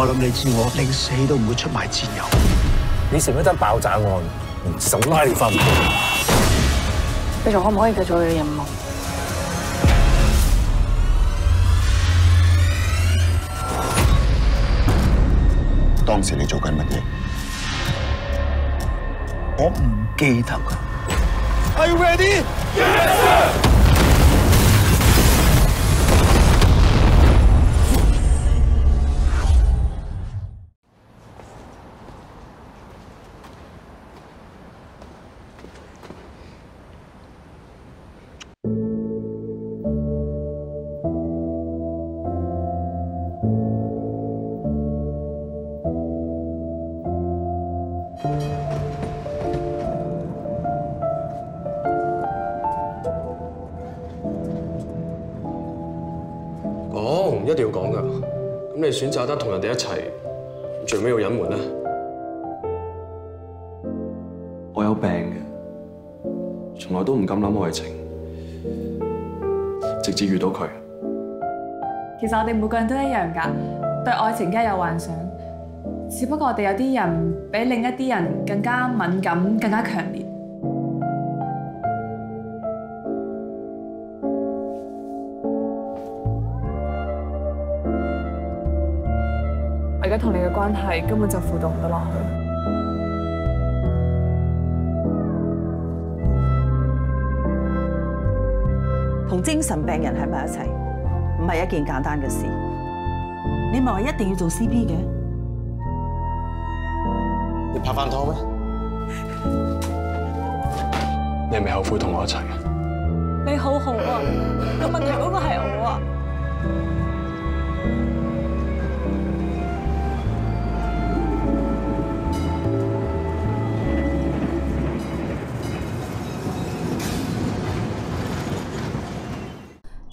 我諗你知我寧死都唔會出賣戰友。你成一單爆炸案，手拉你翻嚟，你仲可唔可以繼續嘅任務？當時你做緊乜嘢？我唔記得。Are you ready? Yes, sir! 我哋一齊最尾要隱瞞呢，我有病嘅，從來都唔敢諗愛情，直至遇到佢。其實我哋每個人都一樣㗎，對愛情梗係有幻想，只不過我哋有啲人比另一啲人更加敏感、更加強烈。同你嘅關係根本就輔導唔到落去。同精神病人喺埋一齊，唔係一件簡單嘅事。你咪話一定要做 CP 嘅，你拍翻拖咩？你係咪後悔同我一齊？你好好啊！我問你嗰個係我啊？